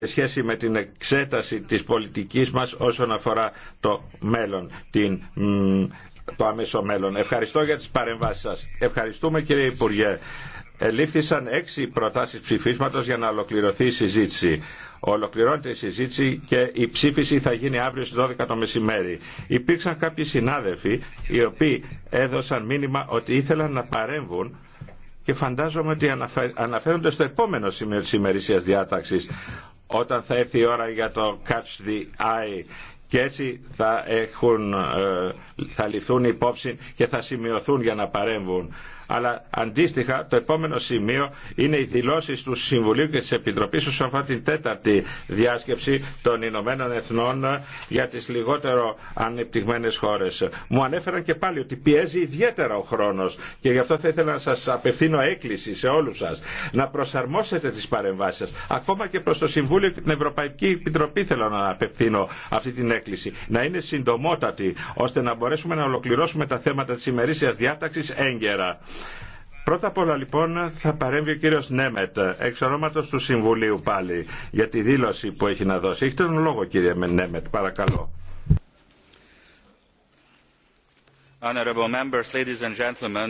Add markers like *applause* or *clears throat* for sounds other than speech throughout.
σε σχέση με την εξέταση της πολιτικής μας όσον αφορά το μέλλον, την, το άμεσο μέλλον. Ευχαριστώ για τις παρεμβάσεις σας. Ευχαριστούμε κύριε Υπουργέ. Ελήφθησαν έξι προτάσεις ψηφίσματος για να ολοκληρωθεί η συζήτηση. Ολοκληρώνεται η συζήτηση και η ψήφιση θα γίνει αύριο στις 12 το μεσημέρι. Υπήρξαν κάποιοι συνάδελφοι οι οποίοι έδωσαν μήνυμα ότι ήθελαν να παρέμβουν και φαντάζομαι ότι αναφέρονται στο επόμενο σημείο της ημερησίας διάταξης όταν θα έρθει η ώρα για το Catch the Eye και έτσι θα, έχουν, ε, θα ληφθούν υπόψη και θα σημειωθούν για να παρέμβουν αλλά αντίστοιχα το επόμενο σημείο είναι οι δηλώσει του Συμβουλίου και τη Επιτροπή όσον αφορά την τέταρτη διάσκεψη των Ηνωμένων Εθνών για τι λιγότερο ανεπτυγμένε χώρε. Μου ανέφεραν και πάλι ότι πιέζει ιδιαίτερα ο χρόνο και γι' αυτό θα ήθελα να σα απευθύνω έκκληση σε όλου σα να προσαρμόσετε τι παρεμβάσει σα. Ακόμα και προ το Συμβούλιο και την Ευρωπαϊκή Επιτροπή θέλω να απευθύνω αυτή την έκκληση. Να είναι συντομότατη ώστε να μπορέσουμε να ολοκληρώσουμε τα θέματα τη ημερήσια διάταξη έγκαιρα. Πρώτα απ' όλα λοιπόν θα παρέμβει ο κύριος Νέμετ, εξ ονόματος του Συμβουλίου πάλι, για τη δήλωση που έχει να δώσει. Έχετε τον λόγο κύριε Νέμετ, παρακαλώ.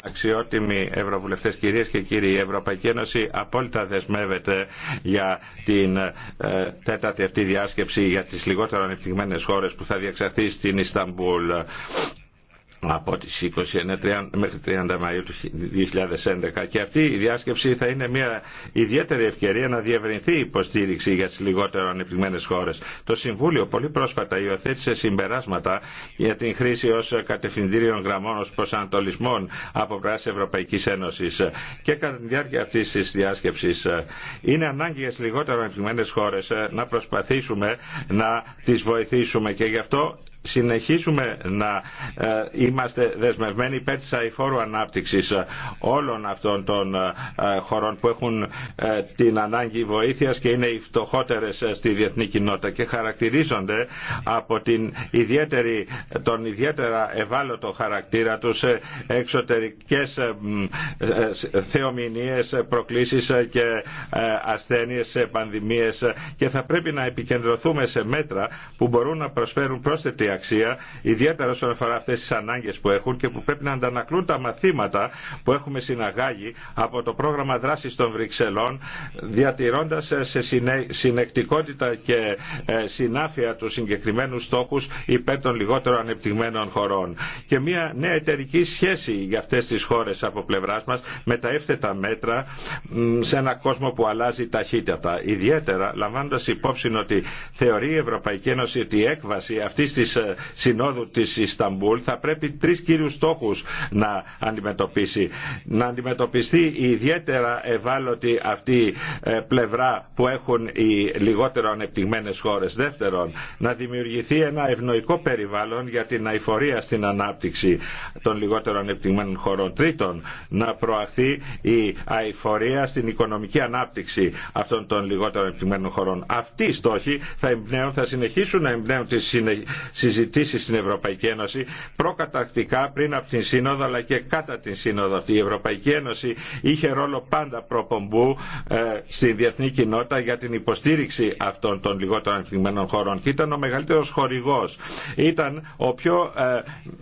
Αξιότιμοι Ευρωβουλευτές, κυρίες και κύριοι, η Ευρωπαϊκή Ένωση απόλυτα δεσμεύεται για την ε, τέταρτη αυτή διάσκεψη για τις λιγότερο ανεπτυγμένες χώρες που θα διεξαρθεί στην Ισταμπούλ από τις 29 μέχρι 30 Μαΐου του 2011 και αυτή η διάσκεψη θα είναι μια ιδιαίτερη ευκαιρία να διευρυνθεί η υποστήριξη για τις λιγότερο ανεπτυγμένες χώρες. Το Συμβούλιο πολύ πρόσφατα υιοθέτησε συμπεράσματα για την χρήση ως κατευθυντήριων γραμμών ως προσανατολισμών από πράσινη Ευρωπαϊκής Ένωσης και κατά τη διάρκεια αυτής της διάσκεψης είναι ανάγκη για τις λιγότερο ανεπτυγμένες χώρες να προσπαθήσουμε να τις βοηθήσουμε και γι' αυτό συνεχίζουμε να ε, είμαστε δεσμευμένοι υπέρ της αηφόρου ανάπτυξης ε, όλων αυτών των ε, χωρών που έχουν την ανάγκη βοήθειας και είναι οι φτωχότερες στη διεθνή κοινότητα και χαρακτηρίζονται από την ιδιαίτερη, τον ιδιαίτερα ευάλωτο χαρακτήρα τους εξωτερικές θεομηνίες, προκλήσεις και ασθένειες, πανδημίες και θα πρέπει να επικεντρωθούμε σε μέτρα που μπορούν να προσφέρουν πρόσθετη αξία, ιδιαίτερα όσον αφορά αυτέ τι ανάγκε που έχουν και που πρέπει να αντανακλούν τα μαθήματα που έχουμε συναγάγει από το πρόγραμμα δράση των Βρυξελών, διατηρώντα σε συνεκτικότητα και ε, συνάφεια του συγκεκριμένου στόχου υπέρ των λιγότερο ανεπτυγμένων χωρών. Και μια νέα εταιρική σχέση για αυτέ τι χώρε από πλευρά μα με τα εύθετα μέτρα σε ένα κόσμο που αλλάζει ταχύτατα. Ιδιαίτερα λαμβάνοντα υπόψη ότι θεωρεί η Ευρωπαϊκή Ένωση ότι η έκβαση αυτή τη ε, Συνόδου της Ισταμπούλ θα πρέπει τρεις κύριους στόχους να αντιμετωπίσει. Να αντιμετωπιστεί η ιδιαίτερα ευάλωτη αυτή ε, πλευρά που έχουν οι λιγότερο ανεπτυγμένες χώρες. Δεύτερον, να δημιουργηθεί ένα ευνοϊκό περιβάλλον για την αηφορία στην ανάπτυξη των λιγότερων ανεπτυγμένων χωρών. Τρίτον, να προαχθεί η αηφορία στην οικονομική ανάπτυξη αυτών των λιγότερων ανεπτυγμένων χωρών. Αυτοί οι στόχοι θα, θα συνεχίσουν να εμπνέουν συζητήσει στην Ευρωπαϊκή Ένωση προκαταρκτικά πριν από την Σύνοδο αλλά και κατά την Σύνοδο αυτή. Η Ευρωπαϊκή Ένωση είχε ρόλο πάντα προπομπού ε, στην διεθνή κοινότητα για την υποστήριξη αυτών των λιγότερων ανεπτυγμένων χωρών και ήταν ο μεγαλύτερο χορηγό. Ήταν ο πιο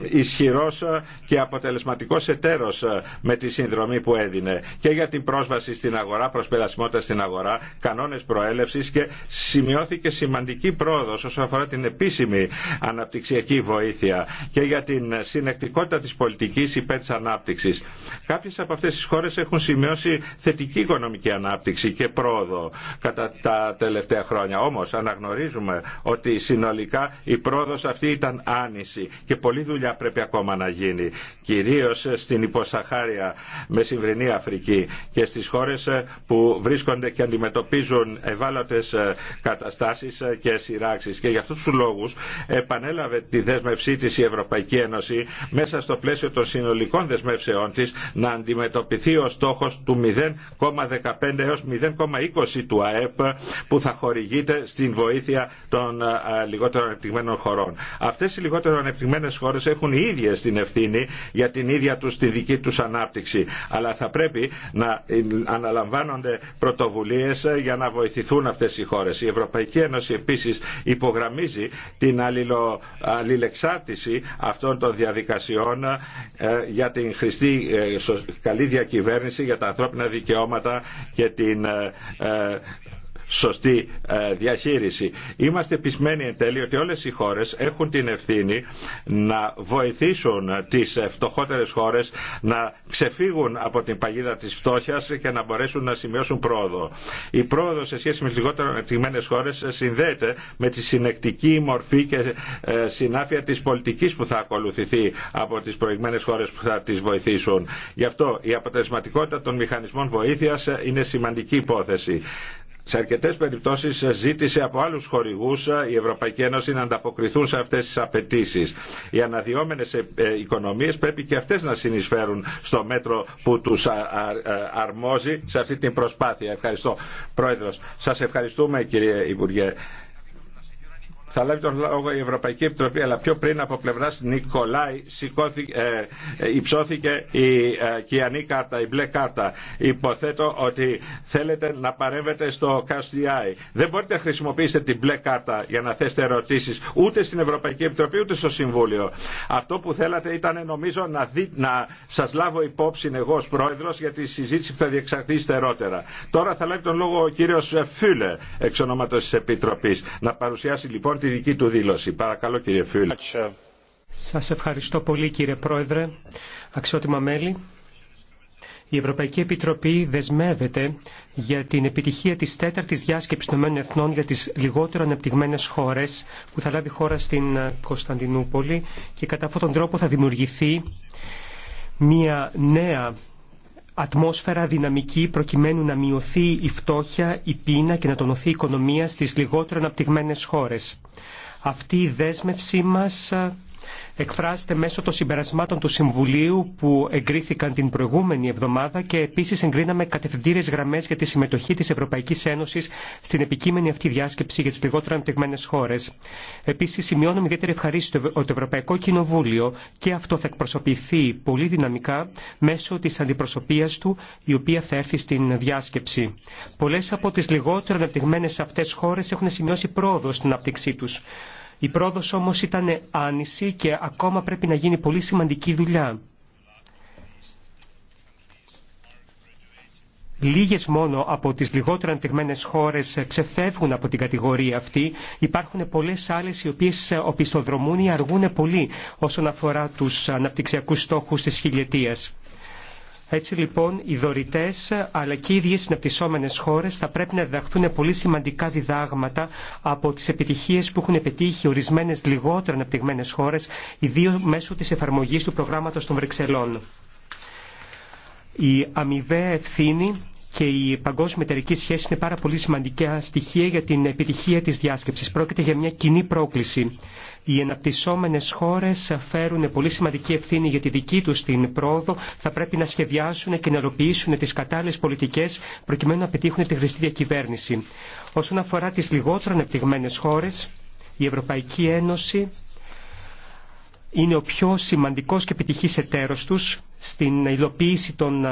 ε, ισχυρό ε, και αποτελεσματικός εταίρος με τη συνδρομή που έδινε και για την πρόσβαση στην αγορά, προσπελασιμότητα στην αγορά, κανόνε προέλευση και σημειώθηκε σημαντική πρόοδο όσον αφορά την επίσημη αναπτυξιακή βοήθεια και για την συνεκτικότητα της πολιτικής υπέρ της ανάπτυξης. Κάποιες από αυτές τις χώρες έχουν σημειώσει θετική οικονομική ανάπτυξη και πρόοδο κατά τα τελευταία χρόνια. Όμως αναγνωρίζουμε ότι συνολικά η πρόοδος αυτή ήταν άνηση και πολλή δουλειά πρέπει ακόμα να γίνει. Κυρίως στην υποσαχάρια συμβρινή Αφρική και στις χώρες που βρίσκονται και αντιμετωπίζουν ευάλωτες καταστάσεις και σειράξει Και για αυτούς τους λόγους έλαβε τη δέσμευσή της η Ευρωπαϊκή Ένωση μέσα στο πλαίσιο των συνολικών δεσμεύσεών της να αντιμετωπιθεί ο στόχος του 0,15 έως 0,20 του ΑΕΠ που θα χορηγείται στην βοήθεια των λιγότερο ανεπτυγμένων χωρών. Αυτές οι λιγότερο ανεπτυγμένες χώρες έχουν οι ίδιες την ευθύνη για την ίδια τους τη δική τους ανάπτυξη. Αλλά θα πρέπει να αναλαμβάνονται πρωτοβουλίες ε, για να βοηθηθούν αυτές οι χώρες. Η Ευρωπαϊκή Ένωση επίσης υπογραμμίζει την αλληλεξάρτηση αυτών των διαδικασιών ε, για την χρηστή ε, καλή διακυβέρνηση, για τα ανθρώπινα δικαιώματα και την ε, σωστή ε, διαχείριση. Είμαστε πεισμένοι εν τέλει ότι όλες οι χώρες έχουν την ευθύνη να βοηθήσουν τις φτωχότερες χώρες να ξεφύγουν από την παγίδα της φτώχειας και να μπορέσουν να σημειώσουν πρόοδο. Η πρόοδο σε σχέση με τις λιγότερο ανεπτυγμένες χώρες συνδέεται με τη συνεκτική μορφή και ε, συνάφεια της πολιτικής που θα ακολουθηθεί από τις προηγμένες χώρες που θα τις βοηθήσουν. Γι' αυτό η αποτελεσματικότητα των μηχανισμών βοήθειας είναι σημαντική υπόθεση σε αρκετέ περιπτώσει ε, ζήτησε από άλλου χορηγού ε, η Ευρωπαϊκή Ένωση να ανταποκριθούν σε αυτέ τι απαιτήσει. Οι αναδυόμενε ε, οικονομίε πρέπει και αυτέ να συνεισφέρουν στο μέτρο που του αρμόζει σε αυτή την προσπάθεια. Ευχαριστώ. Πρόεδρο, σα ευχαριστούμε κύριε Υπουργέ θα λάβει τον λόγο η Ευρωπαϊκή Επιτροπή, αλλά πιο πριν από πλευρά Νικολάη ε, ε, υψώθηκε η ε, κιανή κάρτα, η μπλε κάρτα. Υποθέτω ότι θέλετε να παρέμβετε στο CASDI. Δεν μπορείτε να χρησιμοποιήσετε την μπλε κάρτα για να θέσετε ερωτήσει ούτε στην Ευρωπαϊκή Επιτροπή ούτε στο Συμβούλιο. Αυτό που θέλατε ήταν νομίζω να, να σας λάβω υπόψη εγώ ω πρόεδρος για τη συζήτηση που θα διεξαχθεί στερότερα. Τώρα θα λάβει τον λόγο ο κύριο Φίλε, εξ ονόματο τη Επιτροπής. Να παρουσιάσει λοιπόν Λοιπόν τη δική του δήλωση. Παρακαλώ κύριε Φιούλη. Σας ευχαριστώ πολύ κύριε Πρόεδρε, αξιότιμα μέλη. Η Ευρωπαϊκή Επιτροπή δεσμεύεται για την επιτυχία της τέταρτης διάσκεψης των Εθνών για τις λιγότερο αναπτυγμένες χώρες που θα λάβει χώρα στην Κωνσταντινούπολη και κατά αυτόν τον τρόπο θα δημιουργηθεί μια νέα ατμόσφαιρα δυναμική προκειμένου να μειωθεί η φτώχεια, η πείνα και να τονωθεί η οικονομία στις λιγότερο αναπτυγμένες χώρες. Αυτή η δέσμευσή μας εκφράζεται μέσω των συμπερασμάτων του Συμβουλίου που εγκρίθηκαν την προηγούμενη εβδομάδα και επίση εγκρίναμε κατευθυντήριε γραμμέ για τη συμμετοχή τη Ευρωπαϊκή Ένωση στην επικείμενη αυτή διάσκεψη για τι λιγότερο ανεπτυγμένες χώρες. Επίσης σημειώνουμε ιδιαίτερη ευχαρίστηση ότι το Ευρωπαϊκό Κοινοβούλιο και αυτό θα εκπροσωπηθεί πολύ δυναμικά μέσω τη αντιπροσωπείας του η οποία θα έρθει στην διάσκεψη. Πολλέ από τι λιγότερο ανεπτυγμένε αυτέ χώρε έχουν σημειώσει πρόοδο στην άπτυξή του. Η πρόοδος όμως ήταν άνηση και ακόμα πρέπει να γίνει πολύ σημαντική δουλειά. Λίγες μόνο από τις λιγότερο αντιγμένες χώρες ξεφεύγουν από την κατηγορία αυτή. Υπάρχουν πολλές άλλες οι οποίες οπισθοδρομούν ή αργούν πολύ όσον αφορά τους αναπτυξιακούς στόχους της χιλιετίας. Έτσι λοιπόν οι δωρητέ αλλά και οι ίδιε συναπτυσσόμενε χώρε θα πρέπει να διδαχθούν πολύ σημαντικά διδάγματα από τι επιτυχίε που έχουν πετύχει ορισμένε λιγότερο αναπτυγμένε χώρε, ιδίω μέσω τη εφαρμογή του προγράμματο των Βρυξελών. Η αμοιβαία ευθύνη και η παγκόσμια εταιρική σχέση είναι πάρα πολύ σημαντικά στοιχεία για την επιτυχία της διάσκεψης. Πρόκειται για μια κοινή πρόκληση. Οι εναπτυσσόμενες χώρες φέρουν πολύ σημαντική ευθύνη για τη δική τους την πρόοδο. Θα πρέπει να σχεδιάσουν και να ελοποιήσουν τις κατάλληλες πολιτικές προκειμένου να πετύχουν τη χρηστή διακυβέρνηση. Όσον αφορά τις λιγότερο ανεπτυγμένες χώρες, η Ευρωπαϊκή Ένωση είναι ο πιο σημαντικός και επιτυχής εταίρος τους στην υλοποίηση των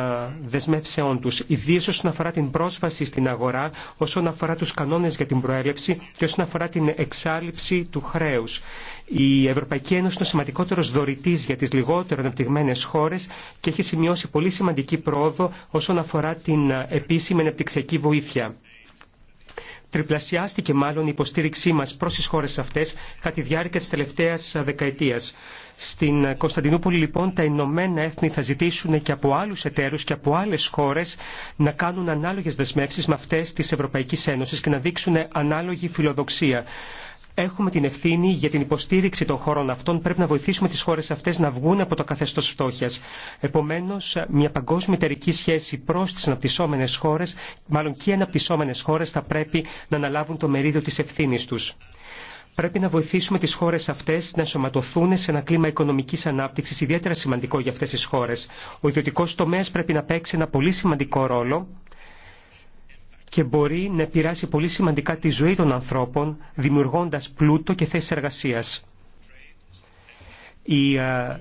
δεσμεύσεών τους, ιδίως όσον αφορά την πρόσβαση στην αγορά, όσον αφορά τους κανόνες για την προέλευση και όσον αφορά την εξάλληψη του χρέους. Η Ευρωπαϊκή Ένωση είναι ο σημαντικότερος δωρητής για τις λιγότερο αναπτυγμένες χώρες και έχει σημειώσει πολύ σημαντική πρόοδο όσον αφορά την επίσημη αναπτυξιακή βοήθεια. Τριπλασιάστηκε μάλλον η υποστήριξή μας προς τις χώρες αυτές κατά τη διάρκεια της τελευταίας δεκαετίας. Στην Κωνσταντινούπολη λοιπόν τα Ηνωμένα Έθνη θα ζητήσουν και από άλλους εταίρους και από άλλες χώρες να κάνουν ανάλογες δεσμεύσεις με αυτές της Ευρωπαϊκής Ένωσης και να δείξουν ανάλογη φιλοδοξία έχουμε την ευθύνη για την υποστήριξη των χωρών αυτών. Πρέπει να βοηθήσουμε τι χώρε αυτέ να βγουν από το καθεστώ φτώχεια. Επομένω, μια παγκόσμια εταιρική σχέση προ τι αναπτυσσόμενε χώρε, μάλλον και οι αναπτυσσόμενε χώρε, θα πρέπει να αναλάβουν το μερίδιο τη ευθύνη του. Πρέπει να βοηθήσουμε τι χώρε αυτέ να σωματωθούν σε ένα κλίμα οικονομική ανάπτυξη, ιδιαίτερα σημαντικό για αυτέ τι χώρε. Ο ιδιωτικό τομέα πρέπει να παίξει ένα πολύ σημαντικό ρόλο και μπορεί να επηρεάσει πολύ σημαντικά τη ζωή των ανθρώπων, δημιουργώντας πλούτο και θέσεις εργασίας. Ε,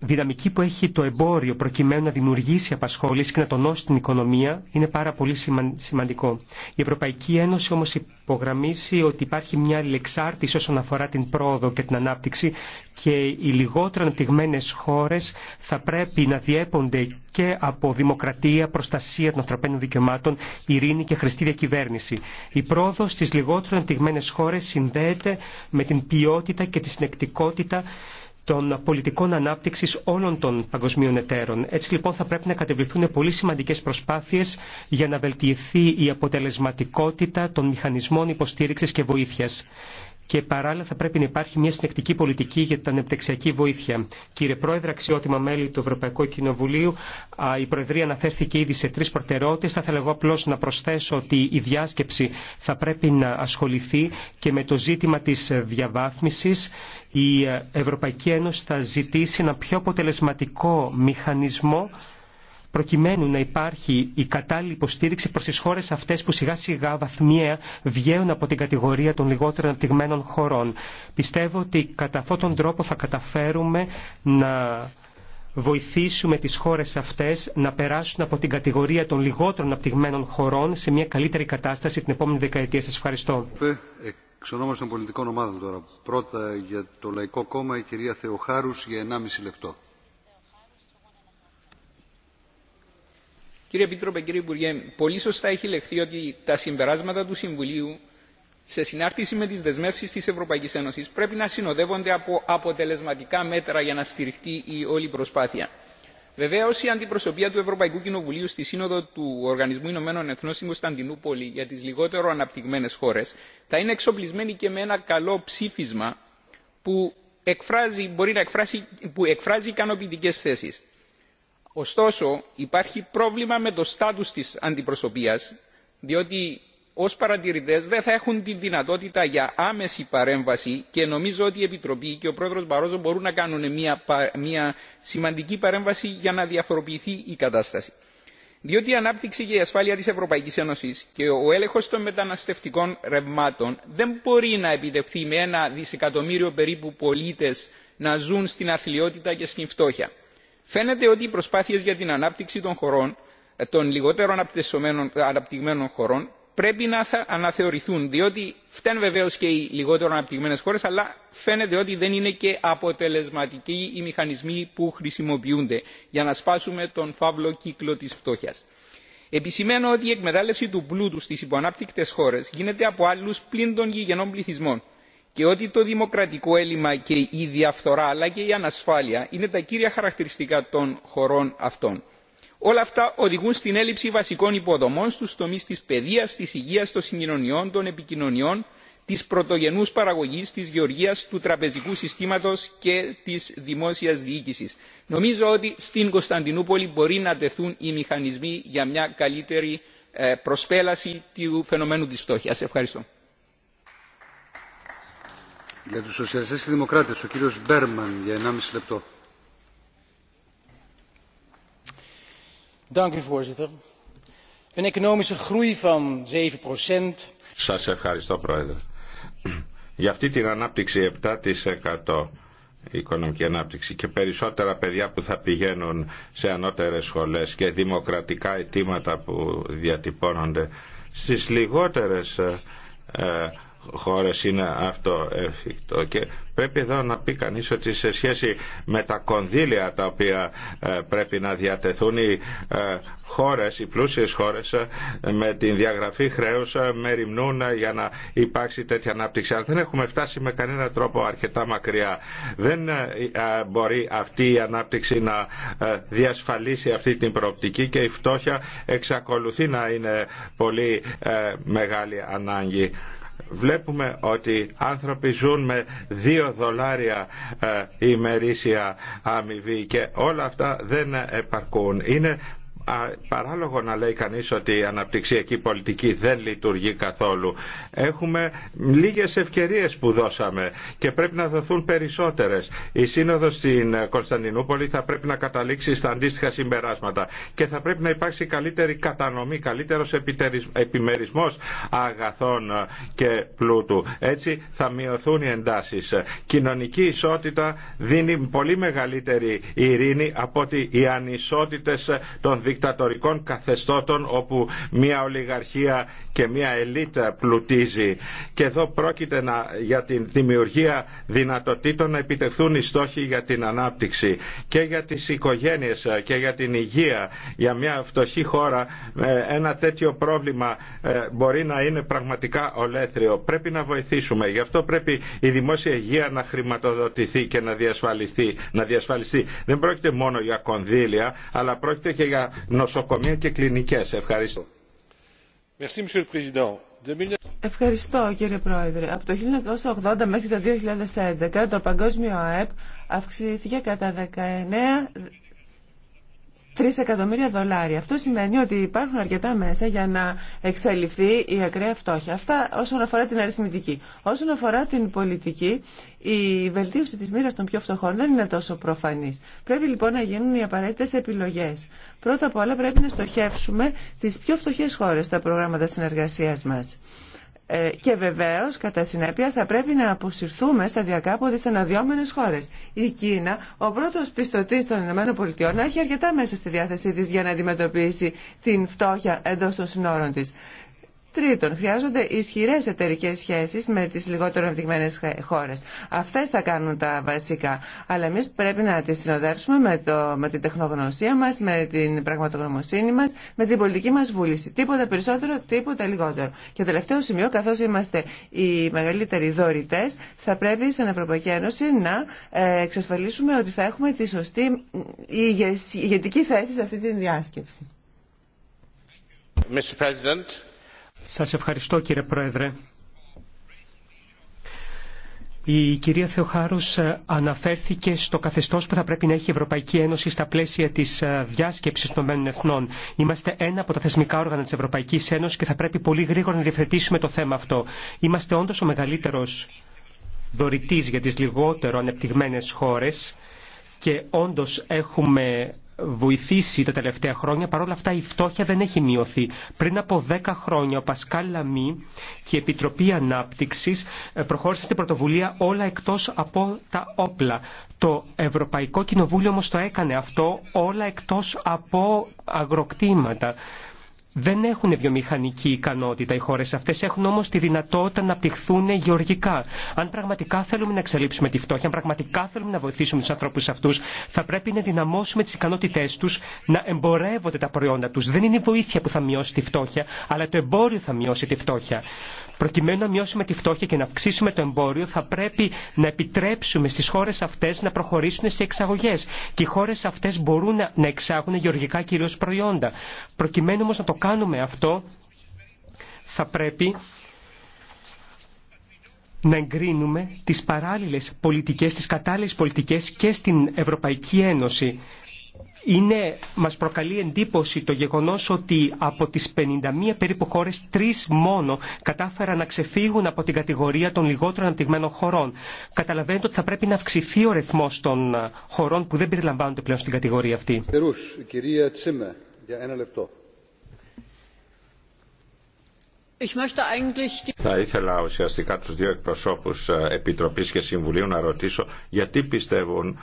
δυναμική που έχει το εμπόριο προκειμένου να δημιουργήσει απασχόληση και να τονώσει την οικονομία είναι πάρα πολύ σημαντικό. Η Ευρωπαϊκή Ένωση όμως υπογραμμίσει ότι υπάρχει μια αλληλεξάρτηση όσον αφορά την πρόοδο και την ανάπτυξη και οι λιγότερο αναπτυγμένε χώρες θα πρέπει να διέπονται και από δημοκρατία, προστασία των ανθρωπίνων δικαιωμάτων, ειρήνη και χρηστή διακυβέρνηση. Η πρόοδο στις λιγότερο αναπτυγμένε χώρες συνδέεται με την ποιότητα και τη συνεκτικότητα των πολιτικών ανάπτυξη όλων των παγκοσμίων εταίρων. Έτσι λοιπόν θα πρέπει να κατεβληθούν πολύ σημαντικέ προσπάθειε για να βελτιωθεί η αποτελεσματικότητα των μηχανισμών υποστήριξη και βοήθεια και παράλληλα θα πρέπει να υπάρχει μια συνεκτική πολιτική για την ανεπτυξιακή βοήθεια. Κύριε Πρόεδρε, αξιότιμα μέλη του Ευρωπαϊκού Κοινοβουλίου, η Προεδρία αναφέρθηκε ήδη σε τρει προτεραιότητε. Θα ήθελα εγώ απλώ να προσθέσω ότι η διάσκεψη θα πρέπει να ασχοληθεί και με το ζήτημα τη διαβάθμιση. Η ε, Ευρωπαϊκή Ένωση θα ζητήσει ένα πιο αποτελεσματικό μηχανισμό προκειμένου να υπάρχει η κατάλληλη υποστήριξη προς τις χώρες αυτές που σιγά σιγά βαθμιαία βγαίνουν από την κατηγορία των λιγότερο αναπτυγμένων χωρών. Πιστεύω ότι κατά αυτόν τον τρόπο θα καταφέρουμε να βοηθήσουμε τις χώρες αυτές να περάσουν από την κατηγορία των λιγότερων αναπτυγμένων χωρών σε μια καλύτερη κατάσταση την επόμενη δεκαετία. Σας ευχαριστώ. Εξ των πολιτικών ομάδων τώρα. Πρώτα για το Λαϊκό Κόμμα η κυρία Θεοχάρους για 1,5 λεπτό. Κύριε Επίτροπε, κύριε Υπουργέ, πολύ σωστά έχει λεχθεί ότι τα συμπεράσματα του Συμβουλίου σε συνάρτηση με τις δεσμεύσεις της Ευρωπαϊκής Ένωσης πρέπει να συνοδεύονται από αποτελεσματικά μέτρα για να στηριχτεί η όλη προσπάθεια. Βεβαίω, η αντιπροσωπεία του Ευρωπαϊκού Κοινοβουλίου στη Σύνοδο του Οργανισμού Ηνωμένων Εθνών στην Κωνσταντινούπολη για τι λιγότερο αναπτυγμένε χώρε θα είναι εξοπλισμένη και με ένα καλό ψήφισμα που εκφράζει, μπορεί που εκφράζει ικανοποιητικέ θέσει ωστόσο υπάρχει πρόβλημα με το στάτους της αντιπροσωπείας διότι ως παρατηρητές δεν θα έχουν τη δυνατότητα για άμεση παρέμβαση και νομίζω ότι η επιτροπή και ο πρόεδρος μπαρόζο μπορούν να κάνουν μια, σημαντική παρέμβαση για να διαφοροποιηθεί η κατάσταση διότι η ανάπτυξη και η ασφάλεια της ευρωπαϊκής ένωσης και ο έλεγχος των μεταναστευτικών ρευμάτων δεν μπορεί να επιτευχθεί με ένα δισεκατομμύριο περίπου πολίτες να ζουν στην αθλειότητα και στην φτώχεια φαίνεται ότι οι προσπάθειες για την ανάπτυξη των χωρών ε, των λιγότερο αναπτυγμένων χωρών πρέπει να αναθεωρηθούν διότι φταίνουν βεβαίως και οι λιγότερο αναπτυγμένες χώρες αλλά φαίνεται ότι δεν είναι και αποτελεσματικοί οι μηχανισμοί που χρησιμοποιούνται για να σπάσουμε τον φαύλο κύκλο της φτώχειας. επισημαίνω ότι η εκμετάλλευση του πλούτου στις υποανάπτυκτες χώρες γίνεται από άλλους πλην των γηγενών πληθυσμών και ότι το δημοκρατικό έλλειμμα και η διαφθορά αλλά και η ανασφάλεια είναι τα κύρια χαρακτηριστικά των χωρών αυτών. όλα αυτά οδηγούν στην έλλειψη βασικών υποδομών στους τομείς της παιδείας της υγείας των συγκοινωνιών των επικοινωνιών της πρωτογενούς παραγωγής της γεωργίας του τραπεζικού συστήματος και της δημόσιας διοίκησης. νομίζω ότι στην κωνσταντινούπολη μπορεί να τεθούν οι μηχανισμοί για μια καλύτερη ε, προσπέλαση του φαινομένου της φτώχειας. ευχαριστώ. Για τους Σοσιαλιστές και Δημοκράτες, ο κύριος Μπέρμαν για 1,5 λεπτό. Dank u, voorzitter. Een economische groei van 7%. Σας ευχαριστώ, Πρόεδρε. *clears throat* Για αυτή την ανάπτυξη 7% οικονομική ανάπτυξη και περισσότερα παιδιά που θα πηγαίνουν σε ανώτερες σχολές και δημοκρατικά αιτήματα που διατυπώνονται στις λιγότερες ε, ε, χώρες είναι αυτό εφικτό και πρέπει εδώ να πει κανείς ότι σε σχέση με τα κονδύλια τα οποία ε, πρέπει να διατεθούν οι ε, χώρες, οι πλούσιες χώρες ε, με την διαγραφή χρέους μεριμνούν για να υπάρξει τέτοια ανάπτυξη. Αλλά δεν έχουμε φτάσει με κανένα τρόπο αρκετά μακριά. Δεν μπορεί αυτή η ανάπτυξη να διασφαλίσει αυτή την προοπτική και η φτώχεια εξακολουθεί να είναι πολύ μεγάλη ανάγκη βλέπουμε ότι άνθρωποι ζουν με δύο δολάρια ε, ημερήσια αμοιβή και όλα αυτά δεν επαρκούν. Είναι παράλογο να λέει κανείς ότι η αναπτυξιακή πολιτική δεν λειτουργεί καθόλου. Έχουμε λίγες ευκαιρίες που δώσαμε και πρέπει να δοθούν περισσότερες. Η Σύνοδος στην Κωνσταντινούπολη θα πρέπει να καταλήξει στα αντίστοιχα συμπεράσματα και θα πρέπει να υπάρξει καλύτερη κατανομή, καλύτερος επιμερισμός αγαθών και πλούτου. Έτσι θα μειωθούν οι εντάσεις. Κοινωνική ισότητα δίνει πολύ μεγαλύτερη ειρήνη από ότι οι ανισότητες των δικτατορικών καθεστώτων όπου μια ολιγαρχία και μια ελίτ πλουτίζει. Και εδώ πρόκειται να, για την δημιουργία δυνατοτήτων να επιτεθούν οι στόχοι για την ανάπτυξη και για τις οικογένειες και για την υγεία. Για μια φτωχή χώρα ε, ένα τέτοιο πρόβλημα ε, μπορεί να είναι πραγματικά ολέθριο. Πρέπει να βοηθήσουμε. Γι' αυτό πρέπει η δημόσια υγεία να χρηματοδοτηθεί και να διασφαλιστεί. Να διασφαλιστεί. Δεν πρόκειται μόνο για κονδύλια, αλλά πρόκειται και για νοσοκομεία και κλινικές. Ευχαριστώ. Ευχαριστώ κύριε Πρόεδρε. Από το 1980 μέχρι το 2011 το παγκόσμιο ΑΕΠ αυξήθηκε κατά 19 3 εκατομμύρια δολάρια. Αυτό σημαίνει ότι υπάρχουν αρκετά μέσα για να εξαλειφθεί η ακραία φτώχεια. Αυτά όσον αφορά την αριθμητική. Όσον αφορά την πολιτική, η βελτίωση τη μοίρα των πιο φτωχών δεν είναι τόσο προφανή. Πρέπει λοιπόν να γίνουν οι απαραίτητε επιλογέ. Πρώτα απ' όλα πρέπει να στοχεύσουμε τι πιο φτωχέ χώρε στα προγράμματα συνεργασία μα. Ε, και βεβαίω, κατά συνέπεια θα πρέπει να αποσυρθούμε σταδιακά από τι αναδυόμενε χώρε. Η Κίνα, ο πρώτο πιστωτής των ΗΠΑ, έχει αρκετά μέσα στη διάθεσή τη για να αντιμετωπίσει την φτώχεια εντό των συνόρων τη. Τρίτον, χρειάζονται ισχυρέ εταιρικέ σχέσει με τι λιγότερο αναπτυγμένε χώρε. Αυτέ θα κάνουν τα βασικά. Αλλά εμεί πρέπει να τι συνοδεύσουμε με, το, με την τεχνογνωσία μα, με την πραγματογνωμοσύνη μα, με την πολιτική μα βούληση. Τίποτα περισσότερο, τίποτα λιγότερο. Και τελευταίο σημείο, καθώ είμαστε οι μεγαλύτεροι δωρητέ, θα πρέπει στην Ευρωπαϊκή Ένωση να ε, εξασφαλίσουμε ότι θα έχουμε τη σωστή ηγετική θέση σε αυτή τη διάσκεψη. Mr. President. Σας ευχαριστώ κύριε Πρόεδρε. Η κυρία Θεοχάρους ε, αναφέρθηκε στο καθεστώς που θα πρέπει να έχει η Ευρωπαϊκή Ένωση στα πλαίσια της ε, διάσκεψης των μένων εθνών. Είμαστε ένα από τα θεσμικά όργανα της Ευρωπαϊκής Ένωσης και θα πρέπει πολύ γρήγορα να διευθετήσουμε το θέμα αυτό. Είμαστε όντως ο μεγαλύτερος δωρητής για τις λιγότερο ανεπτυγμένες χώρες και όντως έχουμε βοηθήσει τα τελευταία χρόνια. παρόλα αυτά η φτώχεια δεν έχει μειωθεί. Πριν από δέκα χρόνια ο Πασκάλ Λαμή και η Επιτροπή Ανάπτυξης ε, προχώρησαν στην πρωτοβουλία όλα εκτός από τα όπλα. Το Ευρωπαϊκό Κοινοβούλιο όμως το έκανε αυτό όλα εκτός από αγροκτήματα δεν έχουν βιομηχανική ικανότητα οι χώρε αυτέ, έχουν όμω τη δυνατότητα να πτυχθούν γεωργικά. Αν πραγματικά θέλουμε να εξαλείψουμε τη φτώχεια, αν πραγματικά θέλουμε να βοηθήσουμε του ανθρώπου αυτού, θα πρέπει να δυναμώσουμε τι ικανότητέ του να εμπορεύονται τα προϊόντα του. Δεν είναι η βοήθεια που θα μειώσει τη φτώχεια, αλλά το εμπόριο θα μειώσει τη φτώχεια. Προκειμένου να μειώσουμε τη φτώχεια και να αυξήσουμε το εμπόριο, θα πρέπει να επιτρέψουμε στι χώρε αυτέ να προχωρήσουν σε εξαγωγέ. Και οι χώρε αυτέ μπορούν να εξάγουν γεωργικά κυρίω προϊόντα. Προκειμένου όμω να το κάνουμε αυτό, θα πρέπει να εγκρίνουμε τις παράλληλες πολιτικές, τις κατάλληλες πολιτικές και στην Ευρωπαϊκή Ένωση είναι, μας προκαλεί εντύπωση το γεγονός ότι από τις 51 περίπου χώρες, τρεις μόνο κατάφεραν να ξεφύγουν από την κατηγορία των λιγότερων αναπτυγμένων χωρών. Καταλαβαίνετε ότι θα πρέπει να αυξηθεί ο ρυθμός των ε, χωρών που δεν περιλαμβάνονται πλέον στην κατηγορία αυτή. κυρία για ένα λεπτό. Θα ήθελα ουσιαστικά τους δύο εκπροσώπους ε, Επιτροπής και Συμβουλίου να ρωτήσω γιατί πιστεύουν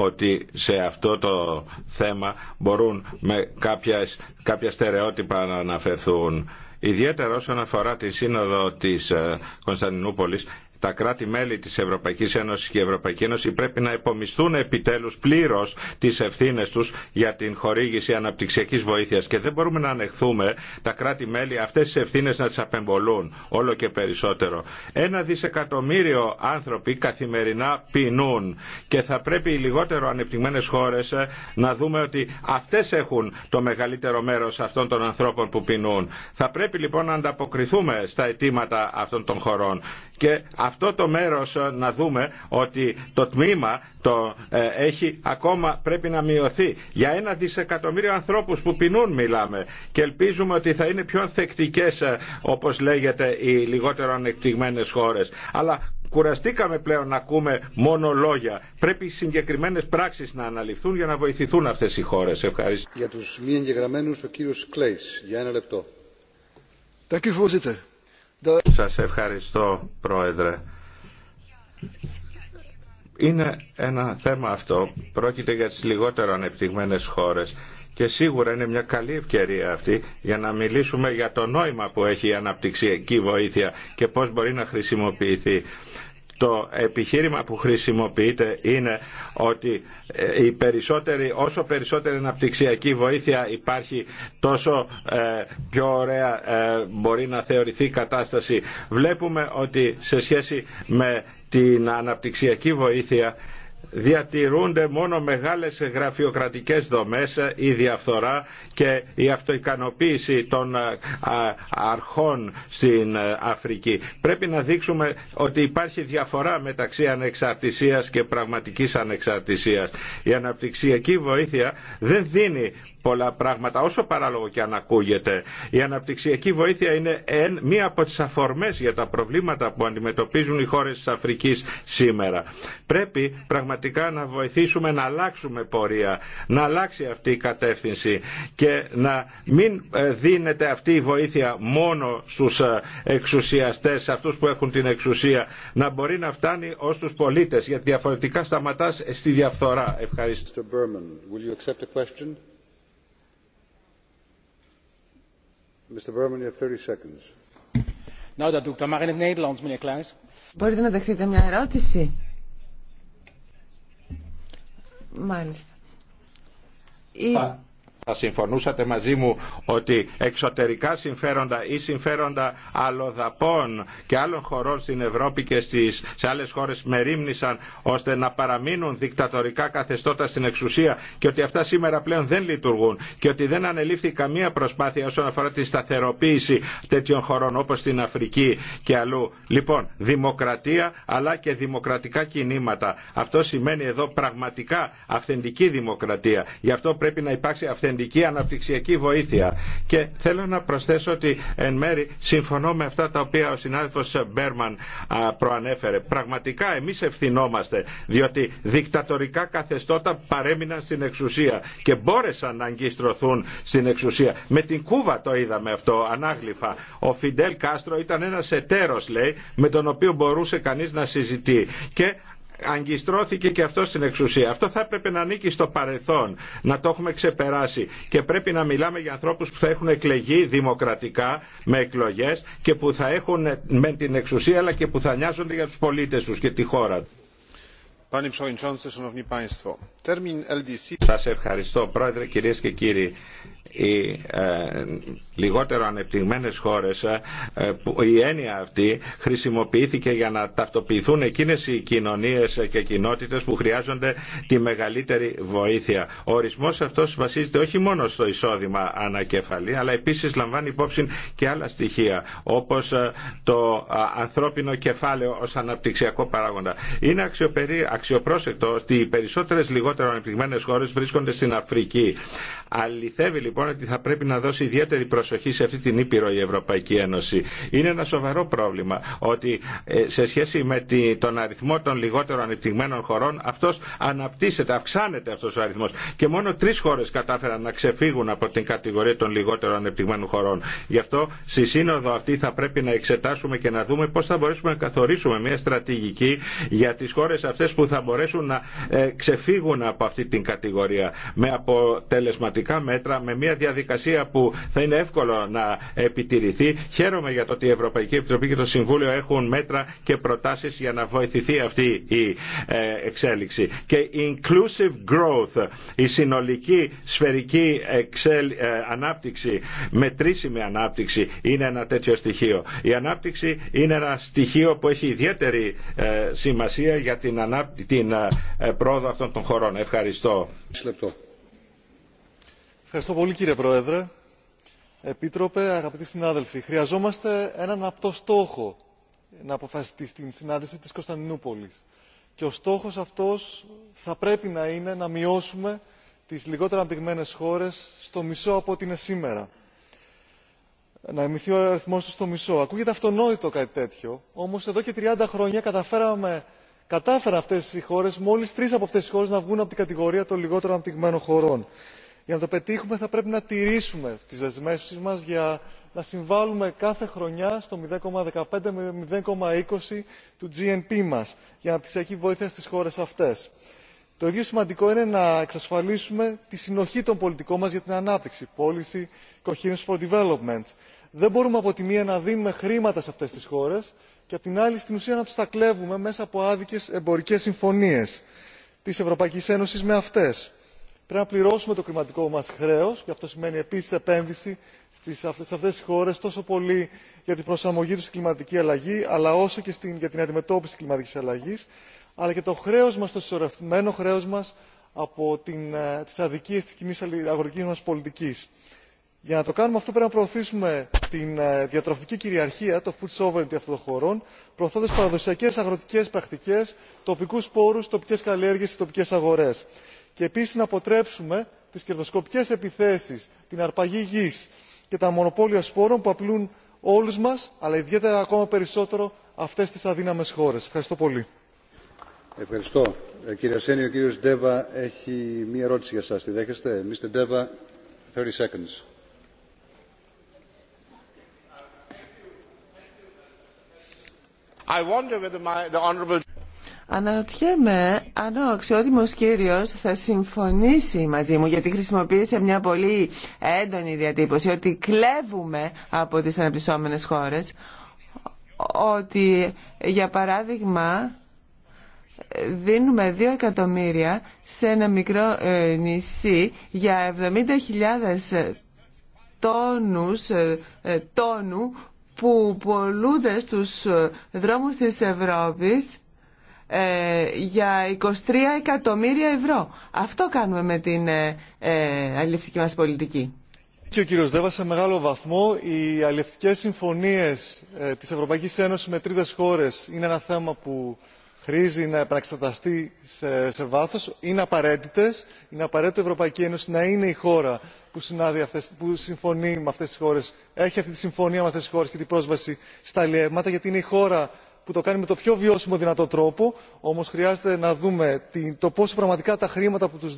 ότι σε αυτό το θέμα μπορούν με κάποια, κάποια στερεότυπα να αναφερθούν. Ιδιαίτερα όσον αφορά τη σύνοδο της ε, Κωνσταντινούπολης, τα κράτη-μέλη της Ευρωπαϊκής Ένωσης και η Ευρωπαϊκή Ένωση πρέπει να υπομισθούν επιτέλους πλήρως τις ευθύνες τους για την χορήγηση αναπτυξιακής βοήθειας και δεν μπορούμε να ανεχθούμε τα κράτη-μέλη αυτές τις ευθύνες να τις απεμπολούν όλο και περισσότερο. Ένα δισεκατομμύριο άνθρωποι καθημερινά πεινούν και θα πρέπει οι λιγότερο ανεπτυγμένες χώρες ε, να δούμε ότι αυτές έχουν το μεγαλύτερο μέρος αυτών των ανθρώπων που πεινούν. Θα πρέπει λοιπόν να ανταποκριθούμε στα αιτήματα αυτών των χωρών και αυτό το μέρος ε, να δούμε ότι το τμήμα το ε, έχει ακόμα πρέπει να μειωθεί. Για ένα δισεκατομμύριο ανθρώπους που πεινούν μιλάμε και ελπίζουμε ότι θα είναι πιο ανθεκτικές ε, όπως λέγεται οι λιγότερο ανεκτυγμένες χώρες. Αλλά κουραστήκαμε πλέον να ακούμε μόνο λόγια. Πρέπει συγκεκριμένες πράξεις να αναλυφθούν για να βοηθηθούν αυτές οι χώρες. Ευχαριστώ. Για τους μη εγγεγραμμένους ο κύριος Κλέης για ένα λεπτό. Σας ευχαριστώ Πρόεδρε. Είναι ένα θέμα αυτό. Πρόκειται για τις λιγότερο ανεπτυγμένες χώρες και σίγουρα είναι μια καλή ευκαιρία αυτή για να μιλήσουμε για το νόημα που έχει η αναπτυξιακή βοήθεια και πώς μπορεί να χρησιμοποιηθεί. Το επιχείρημα που χρησιμοποιείται είναι ότι ε, οι περισσότεροι, όσο περισσότερη αναπτυξιακή βοήθεια υπάρχει τόσο ε, πιο ωραία ε, μπορεί να θεωρηθεί η κατάσταση. Βλέπουμε ότι σε σχέση με την αναπτυξιακή βοήθεια διατηρούνται μόνο μεγάλες γραφειοκρατικές δομές, η διαφθορά και η αυτοικανοποίηση των ε, αρχών στην ε, Αφρική. Πρέπει να δείξουμε ότι υπάρχει διαφορά μεταξύ ανεξαρτησίας και πραγματικής ανεξαρτησίας. Η αναπτυξιακή βοήθεια δεν δίνει πολλά πράγματα όσο παράλογο και αν ακούγεται. Η αναπτυξιακή βοήθεια είναι μία από τις αφορμές για τα προβλήματα που αντιμετωπίζουν οι χώρες της Αφρικής σήμερα. Πρέπει πραγματικά να βοηθήσουμε να αλλάξουμε πορεία, να αλλάξει αυτή η κατεύθυνση και να μην ε, δίνεται αυτή η βοήθεια μόνο στους ε, εξουσιαστές, σε αυτούς που έχουν την εξουσία, να μπορεί να φτάνει ως τους πολίτες, γιατί διαφορετικά σταματάς στη διαφθορά. Ευχαριστώ. Nou, Μπορείτε να δεχτείτε μια ερώτηση. Μάλιστα θα συμφωνούσατε μαζί μου ότι εξωτερικά συμφέροντα ή συμφέροντα αλλοδαπών και άλλων χωρών στην Ευρώπη και στις, σε άλλες χώρες μερίμνησαν ώστε να παραμείνουν δικτατορικά καθεστώτα στην εξουσία και ότι αυτά σήμερα πλέον δεν λειτουργούν και ότι δεν ανελήφθη καμία προσπάθεια όσον αφορά τη σταθεροποίηση τέτοιων χωρών όπως στην Αφρική και αλλού. Λοιπόν, δημοκρατία αλλά και δημοκρατικά κινήματα. Αυτό σημαίνει εδώ πραγματικά αυθεντική δημοκρατία. Γι' αυτό πρέπει να υπάρξει αυθεντική σημαντική αναπτυξιακή βοήθεια. Και θέλω να προσθέσω ότι εν μέρη συμφωνώ με αυτά τα οποία ο συνάδελφο Μπέρμαν προανέφερε. Πραγματικά εμεί ευθυνόμαστε διότι δικτατορικά καθεστώτα παρέμειναν στην εξουσία και μπόρεσαν να αγκιστρωθούν στην εξουσία. Με την Κούβα το είδαμε αυτό ανάγλυφα. Ο Φιντέλ Κάστρο ήταν ένα εταίρο, λέει με τον οποίο μπορούσε κανεί να συζητεί. Και αγκιστρώθηκε και αυτό στην εξουσία. Αυτό θα έπρεπε να ανήκει στο παρελθόν, να το έχουμε ξεπεράσει και πρέπει να μιλάμε για ανθρώπους που θα έχουν εκλεγεί δημοκρατικά με εκλογές και που θα έχουν με την εξουσία αλλά και που θα νοιάζονται για τους πολίτες τους και τη χώρα Σας ευχαριστώ πρόεδρε κυρίες και κύριοι οι ε, λιγότερο ανεπτυγμένες χώρες ε, που η έννοια αυτή χρησιμοποιήθηκε για να ταυτοποιηθούν εκείνες οι κοινωνίες και κοινότητες που χρειάζονται τη μεγαλύτερη βοήθεια. Ο ορισμός αυτός βασίζεται όχι μόνο στο εισόδημα ανακεφαλή αλλά επίσης λαμβάνει υπόψη και άλλα στοιχεία όπως ε, το ανθρώπινο κεφάλαιο ως αναπτυξιακό παράγοντα. Είναι αξιοπερί, αξιοπρόσεκτο ότι οι περισσότερες λιγότερο ανεπτυγμένες χώρες βρίσκονται στην Αφρική. Αληθεύει λοιπόν, λοιπόν ότι θα πρέπει να δώσει ιδιαίτερη προσοχή σε αυτή την Ήπειρο η Ευρωπαϊκή Ένωση. Είναι ένα σοβαρό πρόβλημα ότι ε, σε σχέση με τον αριθμό των λιγότερων ανεπτυγμένων χωρών αυτό αναπτύσσεται, αυξάνεται αυτό ο αριθμό. και μόνο τρει χώρε κατάφεραν να ξεφύγουν από την κατηγορία των λιγότερων ανεπτυγμένων χωρών. Γι' αυτό στη σύνοδο αυτή θα πρέπει να εξετάσουμε και να δούμε πώ θα μπορέσουμε να καθορίσουμε μια στρατηγική για τι χώρε αυτέ που θα μπορέσουν να ε, ξεφύγουν από αυτή την κατηγορία με αποτελεσματικά μέτρα, με μια μια διαδικασία που θα είναι εύκολο να επιτηρηθεί. Χαίρομαι για το ότι η Ευρωπαϊκή Επιτροπή και το Συμβούλιο έχουν μέτρα και προτάσεις για να βοηθηθεί αυτή η ε, εξέλιξη. Και inclusive growth, η συνολική σφαιρική ε, ανάπτυξη, μετρήσιμη ανάπτυξη είναι ένα τέτοιο στοιχείο. Η ανάπτυξη είναι ένα στοιχείο που έχει ιδιαίτερη ε, σημασία για την, την πρόοδο αυτών των χωρών. Ευχαριστώ. Ευχαριστώ πολύ κύριε πρόεδρε επίτροπε αγαπητοί συνάδελφοι χρειαζόμαστε έναν απτό στόχο να αποφασιστεί στην συνάντηση της κωνσταντινούπολης και ο στόχος αυτός θα πρέπει να είναι να μειώσουμε τις λιγότερο αναπτυγμένες χώρες στο μισό από ό,τι είναι σήμερα να μειωθεί ο αριθμός του στο μισό. Ακούγεται αυτονόητο κάτι τέτοιο, όμως εδώ και 30 χρόνια καταφέραμε, κατάφεραν αυτές οι χώρες, μόλις τρεις από αυτές τι χώρες να βγουν από την κατηγορία των λιγότερο αναπτυγμένων χωρών για να το πετύχουμε θα πρέπει να τηρήσουμε τις δεσμεύσεις μας για να συμβάλλουμε κάθε χρονιά στο 0,15 με 0,20 του GNP μας για να έχει βοήθεια στις χώρες αυτές. Το ίδιο σημαντικό είναι να εξασφαλίσουμε τη συνοχή των πολιτικών μας για την ανάπτυξη policy coherence for development. Δεν μπορούμε από τη μία να δίνουμε χρήματα σε αυτές τις χώρες και από την άλλη στην ουσία να τους τα κλέβουμε μέσα από άδικες εμπορικές συμφωνίες της Ευρωπαϊκής Ένωσης με αυτές πρέπει να πληρώσουμε το κλιματικό μα χρέο και αυτό σημαίνει επίση επένδυση σε αυτέ τι χώρε τόσο πολύ για την προσαρμογή του στην κλιματική αλλαγή αλλά όσο και για την αντιμετώπιση τη κλιματική αλλαγή αλλά και το χρέο μα το συσσωρευμένο χρέο μα από ε, τι αδικίε τη κοινή αγροτική μα πολιτική. Για να το κάνουμε αυτό πρέπει να προωθήσουμε την ε, διατροφική κυριαρχία, το food sovereignty αυτών των χωρών, προωθώντα παραδοσιακέ αγροτικέ πρακτικέ, τοπικού πόρου, τοπικέ καλλιέργειε και τοπικέ αγορέ και επίσης να αποτρέψουμε τις κερδοσκοπικές επιθέσεις την αρπαγή γης και τα μονοπόλια σπόρων που απειλούν όλους μας αλλά ιδιαίτερα ακόμα περισσότερο αυτές τις αδύναμες χώρες. ευχαριστώ πολύ. Ευχαριστώ. Ε, κύριε Αρσένη, ο κύριος Ντέβα έχει μία ερώτηση για σας. Τη δέχεστε. Mr. Deva, 30 seconds. I wonder whether my, the honorable... Αναρωτιέμαι αν ο αξιότιμος κύριος θα συμφωνήσει μαζί μου γιατί χρησιμοποίησε μια πολύ έντονη διατύπωση ότι κλέβουμε από τις αναπτυσσόμενε χώρε ότι για παράδειγμα δίνουμε 2 εκατομμύρια σε ένα μικρό ε, νησί για 70.000 τόνους, ε, ε, τόνου που πολλούνται στους δρόμους της Ευρώπης ε, για 23 εκατομμύρια ευρώ. Αυτό κάνουμε με την ε, ε, αλληλευτική μας πολιτική. Και ο κύριος Δέβα, σε μεγάλο βαθμό οι αλληλευτικές συμφωνίες της Ευρωπαϊκής Ένωσης με τρίτες χώρες είναι ένα θέμα που χρήζει να επαναξεταστεί σε, σε βάθος είναι απαραίτητες είναι απαραίτητο η ευρωπαϊκή ένωση να είναι η χώρα που, αυτές, που συμφωνεί με αυτές τις χώρες έχει αυτή τη συμφωνία με αυτές τις χώρες και την πρόσβαση στα αλλιεύματα γιατί είναι η χώρα που το κάνει με τον πιο βιώσιμο δυνατό τρόπο όμω χρειάζεται να δούμε το πόσο πραγματικά τα χρήματα που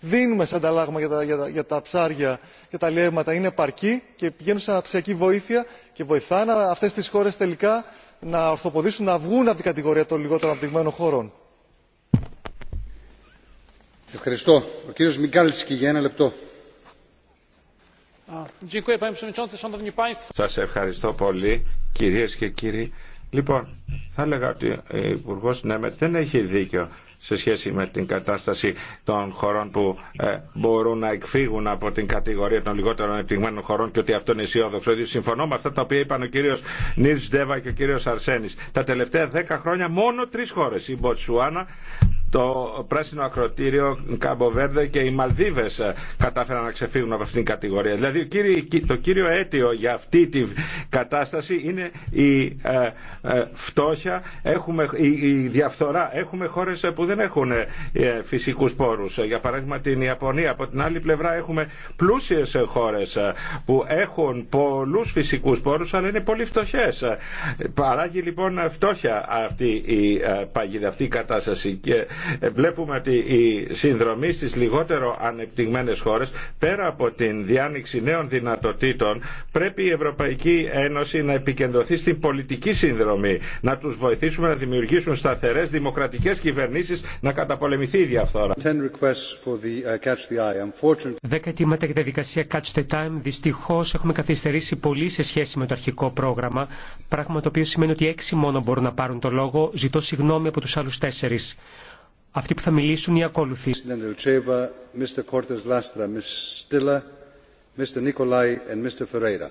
δίνουμε σαν ανταλλάγμα για τα ψάρια και τα λιεύματα είναι επαρκή και πηγαίνουν σε αναπτυξιακή βοήθεια και βοηθάνε αυτέ τι χώρε τελικά να ορθοποδήσουν να βγουν από την κατηγορία των λιγότερο αναπτυγμένων χωρών. Ευχαριστώ. Ο κύριος για ένα λεπτό. Σας ευχαριστώ πολύ κυρίες και κύριοι Λοιπόν, θα έλεγα ότι ο Υπουργό Νέμετ ναι, δεν έχει δίκιο σε σχέση με την κατάσταση των χωρών που ε, μπορούν να εκφύγουν από την κατηγορία των λιγότερων ανεπτυγμένων χωρών και ότι αυτό είναι αισιόδοξο. Δηλαδή, συμφωνώ με αυτά τα οποία είπαν ο κύριο Νίλ Ντέβα και ο κύριο Αρσένη. Τα τελευταία δέκα χρόνια μόνο τρει χώρε, η Μποτσουάνα, το πράσινο ακροτήριο Καμποβέρδε και οι Μαλδίβες ε, κατάφεραν να ξεφύγουν από αυτήν την κατηγορία. Δηλαδή το κύριο αίτιο για αυτή την κατάσταση είναι η ε, ε, φτώχεια, έχουμε, η διαφθορά. Έχουμε χώρες που δεν έχουν φυσικούς πόρους. Για παράδειγμα την Ιαπωνία. Από την άλλη πλευρά έχουμε πλούσιες χώρες που έχουν πολλούς φυσικούς πόρους αλλά είναι πολύ φτωχές. Παράγει λοιπόν φτώχεια αυτή η παγίδα, αυτή η κατάσταση. Και ε, βλέπουμε ότι η συνδρομή στις λιγότερο ανεπτυγμένες χώρες πέρα από την διάνοιξη νέων δυνατοτήτων πρέπει η Ευρωπαϊκή Ένωση να επικεντρωθεί στην πολιτική συνδρομή να τους βοηθήσουμε να δημιουργήσουν σταθερές δημοκρατικές κυβερνήσεις να καταπολεμηθεί η διαφθόρα. Uh, Δέκα αιτήματα για τη δικασία Catch the Time. δυστυχώ έχουμε καθυστερήσει πολύ σε σχέση με το αρχικό πρόγραμμα, πράγμα το οποίο σημαίνει ότι έξι μόνο μπορούν να πάρουν το λόγο. Ζητώ συγγνώμη από του άλλου τέσσερι. Αυτοί που θα μιλήσουν οι ακόλουθοι. Mr. Cortes Lastra, Ms. Stilla, Mr. Nicolai and Mr. Ferreira.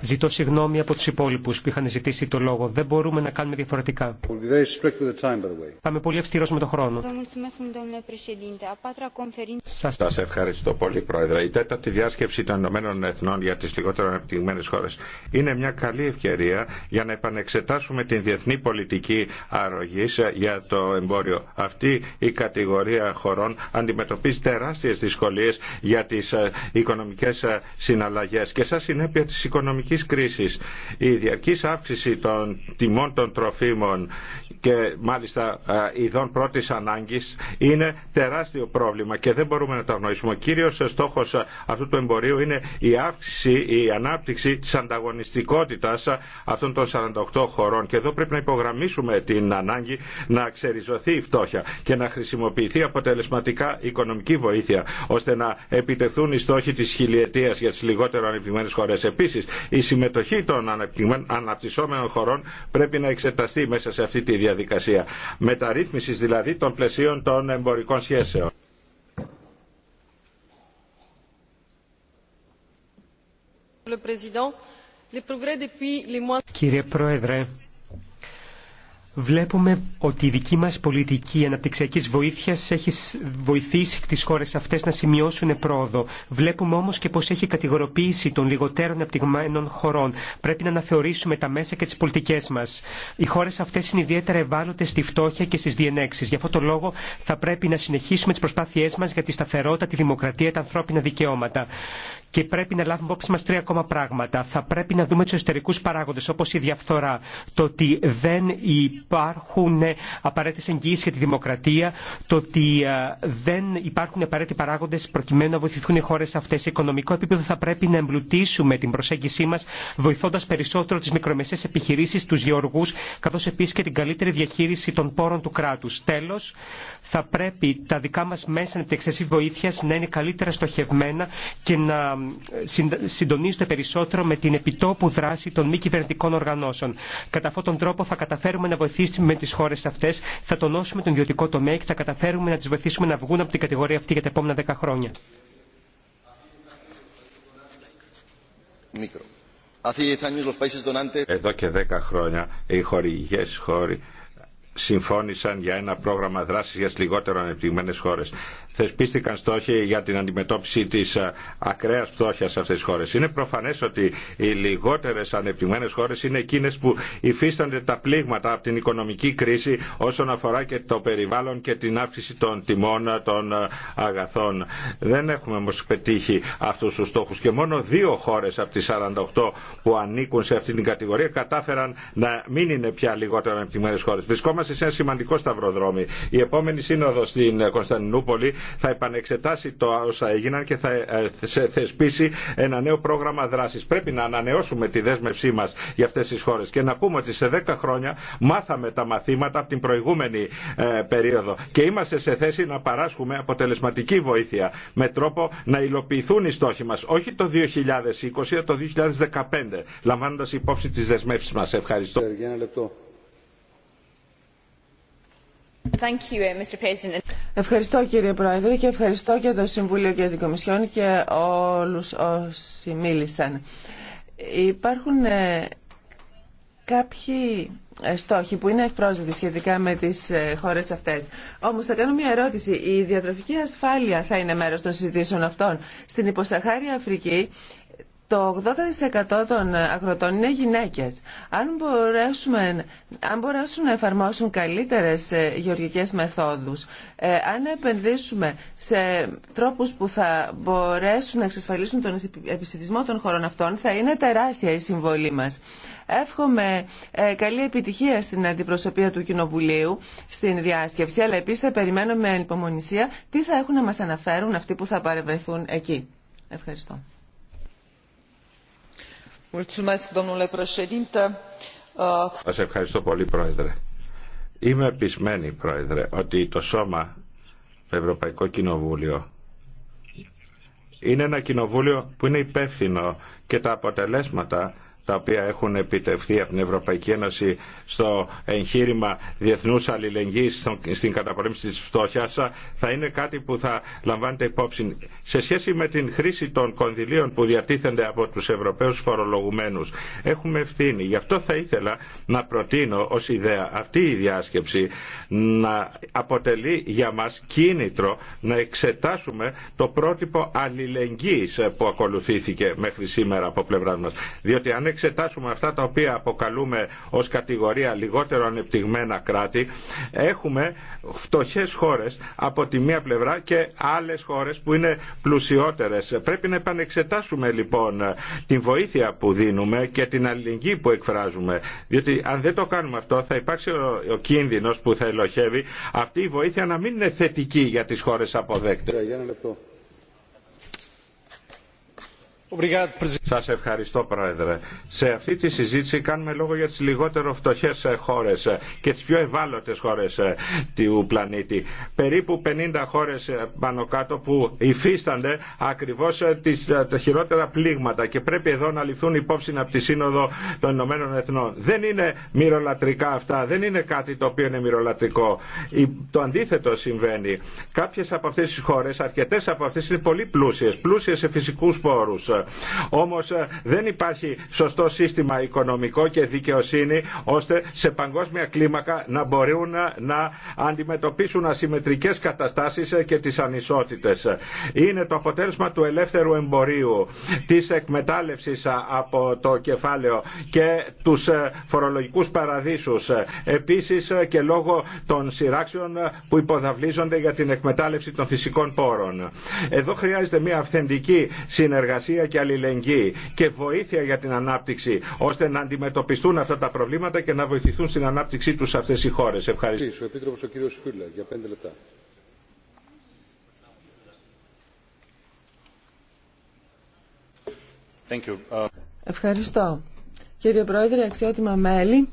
Ζητώ συγγνώμη από τους υπόλοιπους που είχαν ζητήσει το λόγο. Δεν μπορούμε να κάνουμε διαφορετικά. Θα είμαι πολύ αυστηρός με το χρόνο. Σας... ευχαριστώ πολύ, Πρόεδρε. Η τέταρτη διάσκεψη των Ηνωμένων Εθνών για τις λιγότερο ανεπτυγμένες χώρες είναι μια καλή ευκαιρία για να επανεξετάσουμε την διεθνή πολιτική αρρωγή για το εμπόριο. Αυτή η κατηγορία χωρών αντιμετωπίζει τεράστιες δυσκολίες για τις ε, οικονομικές ε, συναλλαγέ συνέπεια της οικονομικής κρίσης. Η διαρκής αύξηση των τιμών των τροφίμων και μάλιστα ειδών πρώτης ανάγκης είναι τεράστιο πρόβλημα και δεν μπορούμε να το αγνοήσουμε. Ο κύριος στόχος αυτού του εμπορίου είναι η αύξηση, η ανάπτυξη της ανταγωνιστικότητας αυτών των 48 χωρών και εδώ πρέπει να υπογραμμίσουμε την ανάγκη να ξεριζωθεί η φτώχεια και να χρησιμοποιηθεί αποτελεσματικά οικονομική βοήθεια ώστε να επιτεθούν οι στόχοι της χιλιετίας για τις λιγότερο ανεπτυγμένες χώρε. Επίσης, η συμμετοχή των αναπτυσσόμενων χωρών πρέπει να εξεταστεί μέσα σε αυτή τη διαδικασία. Μεταρρύθμιση δηλαδή των πλαισίων των εμπορικών σχέσεων. Κύριε Πρόεδρε, Βλέπουμε ότι η δική μας πολιτική αναπτυξιακής βοήθειας έχει βοηθήσει τις χώρες αυτές να σημειώσουν πρόοδο. Βλέπουμε όμως και πως έχει κατηγοροποίηση των λιγότερων αναπτυγμένων χωρών. Πρέπει να αναθεωρήσουμε τα μέσα και τις πολιτικές μας. Οι χώρες αυτές είναι ιδιαίτερα ευάλωτες στη φτώχεια και στις διενέξεις. Γι' αυτό το λόγο θα πρέπει να συνεχίσουμε τις προσπάθειές μας για τη σταθερότητα, τη δημοκρατία, τα ανθρώπινα δικαιώματα. Και πρέπει να λάβουμε υπόψη μα τρία ακόμα πράγματα. Θα πρέπει να δούμε του εσωτερικού παράγοντε, όπω η διαφθορά, το ότι δεν η υπάρχουν απαραίτητε εγγυήσει για τη δημοκρατία, το ότι ε, δεν υπάρχουν απαραίτητοι παράγοντε προκειμένου να βοηθηθούν οι χώρε αυτέ. Σε οικονομικό επίπεδο θα πρέπει να εμπλουτίσουμε την προσέγγιση μα, βοηθώντα περισσότερο τι μικρομεσαίε επιχειρήσει, του γεωργού, καθώ επίση και την καλύτερη διαχείριση των πόρων του κράτου. Τέλο, θα πρέπει τα δικά μα μέσα ανεπτυξιακή βοήθεια να είναι καλύτερα στοχευμένα και να ε, συντονίζονται περισσότερο με την επιτόπου δράση των μη κυβερνητικών οργανώσεων. Κατά αυτόν τον τρόπο θα καταφέρουμε να βοηθήσουμε με τι χώρε αυτέ, θα τονώσουμε τον ιδιωτικό τομέα και θα καταφέρουμε να τι βοηθήσουμε να βγουν από την κατηγορία αυτή για τα επόμενα δέκα χρόνια. Εδώ και δέκα χρόνια οι χορηγικέ χώροι συμφώνησαν για ένα πρόγραμμα δράσης για τις λιγότερο ανεπτυγμένες χώρες θεσπίστηκαν στόχοι για την αντιμετώπιση τη ε, ακραία φτώχεια σε αυτέ τι χώρε. Είναι προφανέ ότι οι λιγότερε ανεπτυγμένε χώρε είναι εκείνε που υφίστανται τα πλήγματα από την οικονομική κρίση όσον αφορά και το περιβάλλον και την αύξηση των τιμών ε, των ε, αγαθών. Δεν έχουμε όμω πετύχει αυτού του στόχου και μόνο δύο χώρε από τι 48 που ανήκουν σε αυτή την κατηγορία κατάφεραν να μην είναι πια λιγότερο ανεπτυγμένε χώρε. Βρισκόμαστε σε ένα σημαντικό σταυροδρόμι. Η επόμενη σύνοδο στην Κωνσταντινούπολη θα επανεξετάσει το όσα έγιναν και θα ε, θεσπίσει ένα νέο πρόγραμμα δράση. Πρέπει να ανανεώσουμε τη δέσμευσή μα για αυτέ τι χώρε και να πούμε ότι σε 10 χρόνια μάθαμε τα μαθήματα από την προηγούμενη ε, περίοδο και είμαστε σε θέση να παράσχουμε αποτελεσματική βοήθεια με τρόπο να υλοποιηθούν οι στόχοι μα. Όχι το 2020, αλλά το 2015, λαμβάνοντα υπόψη τι δεσμεύσει μα. Ευχαριστώ. Ευχαριστώ. Uh, ευχαριστώ κύριε Πρόεδρε και ευχαριστώ και το Συμβούλιο και την Κομισιόν και όλους όσοι μίλησαν. Υπάρχουν ε, κάποιοι ε, στόχοι που είναι ευπρόσδεκτοι σχετικά με τις ε, χώρες αυτές. Όμως θα κάνω μια ερώτηση. Η διατροφική ασφάλεια θα είναι μέρος των συζητήσεων αυτών. Στην υποσαχάρια Αφρική το 80% των αγροτών είναι γυναίκες. Αν, μπορέσουμε, αν μπορέσουν να εφαρμόσουν καλύτερες ε, γεωργικές μεθόδους, ε, αν επενδύσουμε σε τρόπους που θα μπορέσουν να εξασφαλίσουν τον επιστημισμό των χωρών αυτών, θα είναι τεράστια η συμβολή μας. Εύχομαι ε, καλή επιτυχία στην αντιπροσωπεία του Κοινοβουλίου, στην διάσκευση, αλλά επίσης θα περιμένω με ανυπομονησία τι θα έχουν να μας αναφέρουν αυτοί που θα παρευρεθούν εκεί. Ευχαριστώ. Σας ευχαριστώ πολύ Πρόεδρε. Είμαι πεισμένη Πρόεδρε ότι το Σώμα, το Ευρωπαϊκό Κοινοβούλιο, είναι ένα κοινοβούλιο που είναι υπεύθυνο και τα αποτελέσματα τα οποία έχουν επιτευχθεί από την Ευρωπαϊκή Ένωση στο εγχείρημα διεθνούς αλληλεγγύης στην καταπολέμηση της φτώχειας θα είναι κάτι που θα λαμβάνεται υπόψη σε σχέση με την χρήση των κονδυλίων που διατίθενται από τους Ευρωπαίους φορολογουμένους. Έχουμε ευθύνη. Γι' αυτό θα ήθελα να προτείνω ως ιδέα αυτή η διάσκεψη να αποτελεί για μας κίνητρο να εξετάσουμε το πρότυπο αλληλεγγύης που ακολουθήθηκε μέχρι σήμερα από πλευρά μας. Διότι αν εξετάσουμε αυτά τα οποία αποκαλούμε ως κατηγορία λιγότερο ανεπτυγμένα κράτη, έχουμε φτωχές χώρες από τη μία πλευρά και άλλες χώρες που είναι πλουσιότερες. Πρέπει να επανεξετάσουμε λοιπόν την βοήθεια που δίνουμε και την αλληλεγγύη που εκφράζουμε. Διότι αν δεν το κάνουμε αυτό θα υπάρξει ο κίνδυνος που θα ελοχεύει αυτή η βοήθεια να μην είναι θετική για τις χώρες αποδέκτες. Σα ευχαριστώ Πρόεδρε. Σε αυτή τη συζήτηση κάνουμε λόγο για τις λιγότερο φτωχές ε, χώρες ε, και τις πιο ευάλωτες χώρες ε, του πλανήτη. Περίπου 50 χώρες πάνω κάτω που υφίστανται ακριβώς τις, τα χειρότερα πλήγματα και πρέπει εδώ να ληφθούν υπόψη από τη Σύνοδο των Ηνωμένων Εθνών. Δεν είναι μυρολατρικά αυτά, δεν είναι κάτι το οποίο είναι μυρολατρικό. Το αντίθετο συμβαίνει. Κάποιες από αυτές τις χώρες, αρκετές από αυτές είναι πολύ πλούσιες, πλούσιες σε φυσικούς πόρους όμως ε, δεν υπάρχει σωστό σύστημα οικονομικό και δικαιοσύνη ώστε σε παγκόσμια κλίμακα να μπορούν ε, να αντιμετωπίσουν ασυμμετρικές καταστάσεις ε, και τις ανισότητες. Είναι το αποτέλεσμα του ελεύθερου εμπορίου, της εκμετάλλευσης από το κεφάλαιο και τους φορολογικούς παραδείσους. Επίσης και λόγω των σειράξεων που υποδαβλίζονται για την εκμετάλλευση των φυσικών πόρων. Εδώ χρειάζεται μια αυθεντική συνεργασία και αλληλεγγύη και βοήθεια για την ανάπτυξη ώστε να αντιμετωπιστούν αυτά τα προβλήματα και να βοηθηθούν στην ανάπτυξή τους αυτέ οι χώρε. Ευχαριστώ. για λεπτά. Ευχαριστώ. Κύριε Πρόεδρε, αξιότιμα μέλη,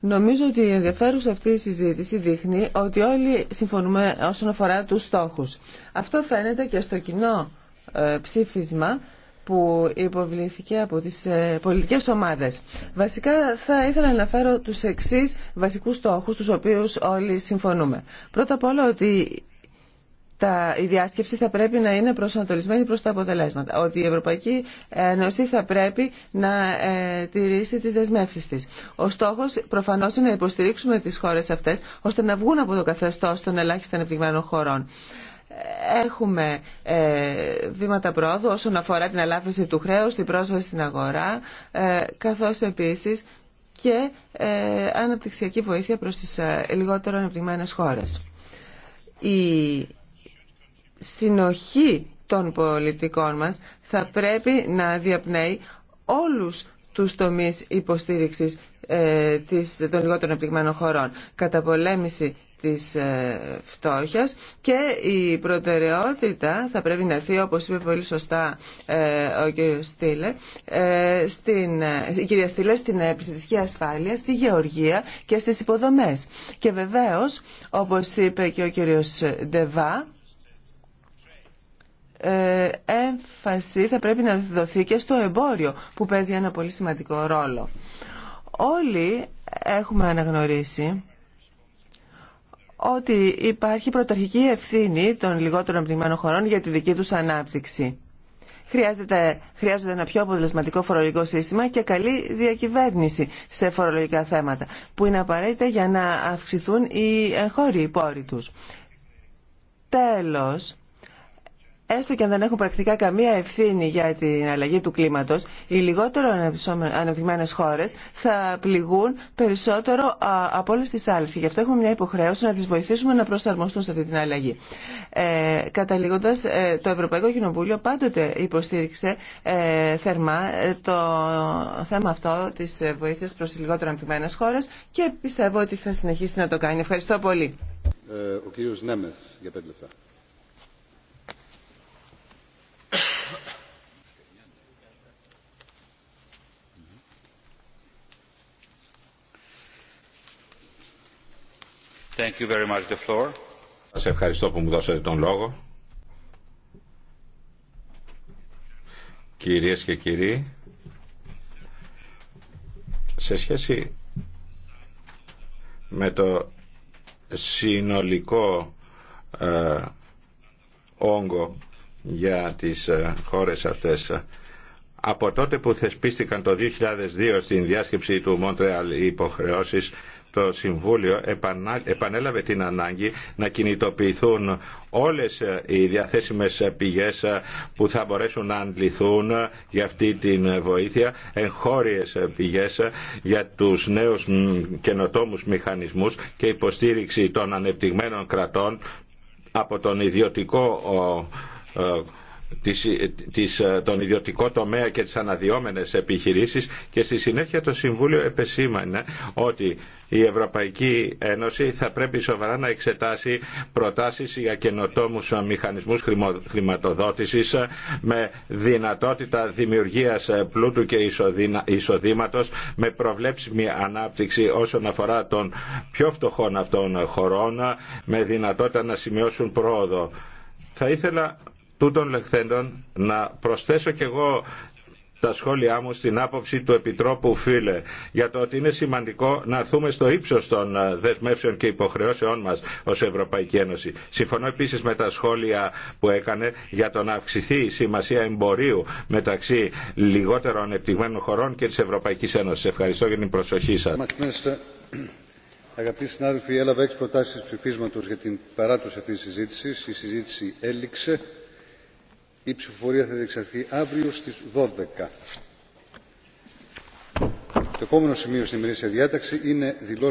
νομίζω ότι η ενδιαφέρουσα αυτή η συζήτηση δείχνει ότι όλοι συμφωνούμε όσον αφορά τους στόχους. Αυτό φαίνεται και στο κοινό ε, ψήφισμα που υποβλήθηκε από τις ε, πολιτικές ομάδες. Βασικά θα ήθελα να αναφέρω τους εξής βασικούς στόχους, τους οποίους όλοι συμφωνούμε. Πρώτα απ' όλα ότι τα, η διάσκεψη θα πρέπει να είναι προσανατολισμένη προς τα αποτελέσματα. Ότι η Ευρωπαϊκή Ένωση θα πρέπει να ε, τηρήσει τις δεσμεύσεις της. Ο στόχος προφανώς είναι να υποστηρίξουμε τις χώρες αυτές ώστε να βγουν από το καθεστώς των ελάχιστων ανεπτυγμένων χωρών. Έχουμε ε, βήματα πρόοδου όσον αφορά την ελάφρυνση του χρέους, την πρόσβαση στην αγορά, ε, καθώς επίσης και ε, αναπτυξιακή βοήθεια προς τις λιγότερο αναπτυγμένες χώρες. Η συνοχή των πολιτικών μας θα πρέπει να διαπνέει όλους τους τομείς υποστήριξης της, των λιγότερων αναπτυγμένων χωρών. Καταπολέμηση της ε, φτώχειας και η προτεραιότητα θα πρέπει να έρθει, όπως είπε πολύ σωστά ε, ο κύριος Στήλε, ε, στην, η στην επιστημιστική ασφάλεια, στη γεωργία και στις υποδομές. Και βεβαίως, όπως είπε και ο κύριος Ντεβά, έμφαση θα πρέπει να δοθεί και στο εμπόριο που παίζει ένα πολύ σημαντικό ρόλο. Όλοι έχουμε αναγνωρίσει ότι υπάρχει πρωταρχική ευθύνη των λιγότερων πνιγμένων χωρών για τη δική τους ανάπτυξη. Χρειάζεται, χρειάζονται ένα πιο αποτελεσματικό φορολογικό σύστημα και καλή διακυβέρνηση σε φορολογικά θέματα, που είναι απαραίτητα για να αυξηθούν οι χώροι, οι πόροι τους. Τέλος, έστω και αν δεν έχουν πρακτικά καμία ευθύνη για την αλλαγή του κλίματο, οι λιγότερο ανεπτυγμένε χώρε θα πληγούν περισσότερο από όλε τι άλλες. Και γι' αυτό έχουμε μια υποχρέωση να τι βοηθήσουμε να προσαρμοστούν σε αυτή την αλλαγή. Ε, καταλήγοντας, ε, το Ευρωπαϊκό Κοινοβούλιο πάντοτε υποστήριξε ε, θερμά ε, το θέμα αυτό τη βοήθεια προ τι λιγότερο ανεπτυγμένε χώρε και πιστεύω ότι θα συνεχίσει να το κάνει. Ευχαριστώ πολύ. Ε, ο κύριος Νέμεθ για πέντε λεπτά. Thank Σας ευχαριστώ που μου δώσατε τον λόγο. Κυρίες και κύριοι, σε σχέση με το συνολικό ε, όγκο για τις ε, χώρες αυτές. Από τότε που θεσπίστηκαν το 2002 στην διάσκεψη του Μόντρεαλ οι υποχρεώσεις το Συμβούλιο επανέλαβε την ανάγκη να κινητοποιηθούν όλες οι διαθέσιμες πηγές που θα μπορέσουν να αντληθούν για αυτή την βοήθεια, εγχώριες πηγές για τους νέους καινοτόμους μηχανισμούς και υποστήριξη των ανεπτυγμένων κρατών από τον ιδιωτικό της, ε, τον ιδιωτικό τομέα και τις αναδιόμενες επιχειρήσεις και στη συνέχεια το Συμβούλιο επεσήμανε ότι η Ευρωπαϊκή Ένωση θα πρέπει σοβαρά να εξετάσει προτάσεις για καινοτόμου μηχανισμούς χρηματοδότησης με δυνατότητα δημιουργίας πλούτου και εισοδήματος με προβλέψιμη ανάπτυξη όσον αφορά των πιο φτωχών αυτών χωρών με δυνατότητα να σημειώσουν πρόοδο. Θα ήθελα Τούτων λεχθέντων να προσθέσω κι εγώ τα σχόλιά μου στην άποψη του Επιτρόπου Φίλε για το ότι είναι σημαντικό να έρθουμε στο ύψος των ε, δεσμεύσεων και υποχρεώσεών μας ως Ευρωπαϊκή Ένωση. Συμφωνώ επίσης με τα σχόλια που έκανε για το να αυξηθεί η σημασία εμπορίου μεταξύ λιγότερων ανεπτυγμένων χωρών και της Ευρωπαϊκής Ένωσης. Ευχαριστώ για την προσοχή σας. Αγαπητοί συνάδελφοι, έλαβα έξι για την παράτωση αυτής της συζήτησης. Η συζήτηση έληξε. Η ψηφοφορία θα διεξαχθεί αύριο στι 12. Το επόμενο σημείο στην ημερήσια διάταξη είναι δηλώσει